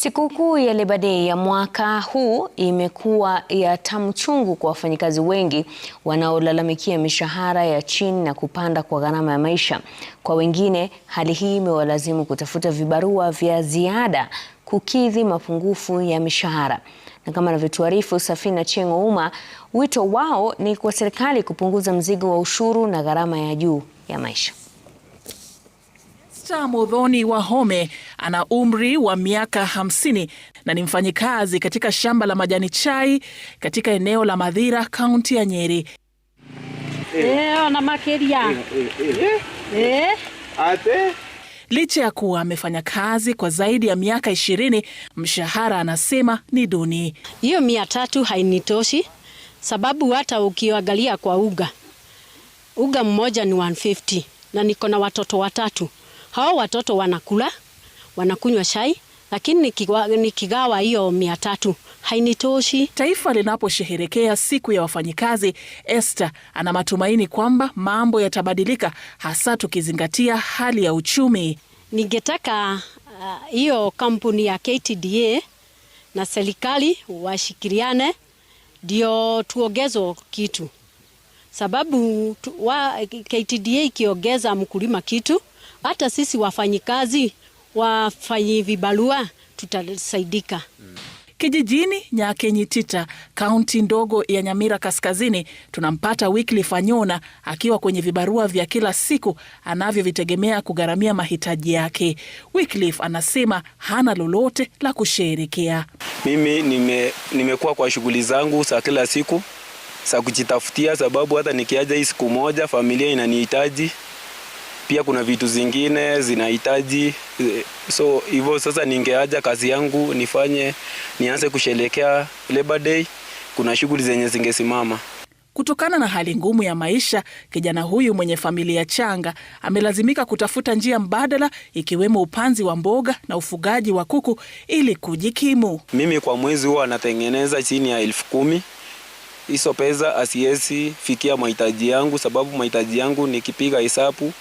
Sikukuu ya Labour Day ya mwaka huu imekuwa ya tamu chungu kwa wafanyikazi wengi wanaolalamikia mishahara ya chini na kupanda kwa gharama ya maisha. Kwa wengine, hali hii imewalazimu kutafuta vibarua vya ziada kukidhi mapungufu ya mishahara. Na kama anavyotuarifu Safina Chengo Uma, wito wao ni kwa serikali kupunguza mzigo wa ushuru na gharama ya juu ya maisha. wa home ana umri wa miaka hamsini na ni mfanyikazi katika shamba la majani chai katika eneo la madhira kaunti ya Nyeri. Eh, eh, eh. Licha ya kuwa amefanya kazi kwa zaidi ya miaka ishirini, mshahara anasema ni duni. Hiyo mia tatu hainitoshi sababu hata ukiangalia kwa uga uga mmoja ni 150 na niko na watoto watatu. Hao watoto wanakula wanakunywa chai, lakini nikigawa hiyo mia tatu hainitoshi. Taifa linaposheherekea siku ya wafanyikazi, este ana matumaini kwamba mambo yatabadilika, hasa tukizingatia hali ya uchumi. Ningetaka uh, hiyo uh, kampuni ya KTDA na serikali washikiriane ndio tuongezwe kitu, sababu tu, wa, KTDA ikiongeza mkulima kitu, hata sisi wafanyikazi wafanye vibarua tutasaidika. mm. Kijijini Nyakenyitita, kaunti ndogo ya Nyamira Kaskazini, tunampata Wycliffe Anyona akiwa kwenye vibarua vya kila siku anavyovitegemea kugharamia mahitaji yake. Wycliffe anasema hana lolote la kusherekea. Mimi nime, nimekuwa kwa shughuli zangu za kila siku za kujitafutia, sababu hata nikiaja hii siku moja familia inanihitaji pia kuna vitu zingine zinahitaji, eh, so hivyo sasa ningeaja kazi yangu nifanye, nianze kusherekea Labor Day, kuna shughuli zenye zingesimama. Kutokana na hali ngumu ya maisha, kijana huyu mwenye familia changa amelazimika kutafuta njia mbadala, ikiwemo upanzi wa mboga na ufugaji wa kuku ili kujikimu. Mimi kwa mwezi huwa anatengeneza chini ya elfu kumi. Hizo pesa asiezi fikia mahitaji yangu, sababu mahitaji yangu nikipiga hesabu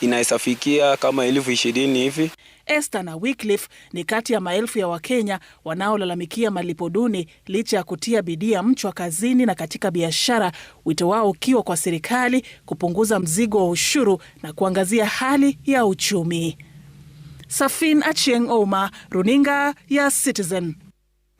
inaesafikia kama elfu ishirini hivi. Esther na Wycliffe ni kati ya maelfu ya Wakenya wanaolalamikia malipo duni licha ya kutia bidii ya mchwa kazini na katika biashara, wito wao ukiwa kwa serikali kupunguza mzigo wa ushuru na kuangazia hali ya uchumi. Safin Achieng' Oma, runinga ya Citizen.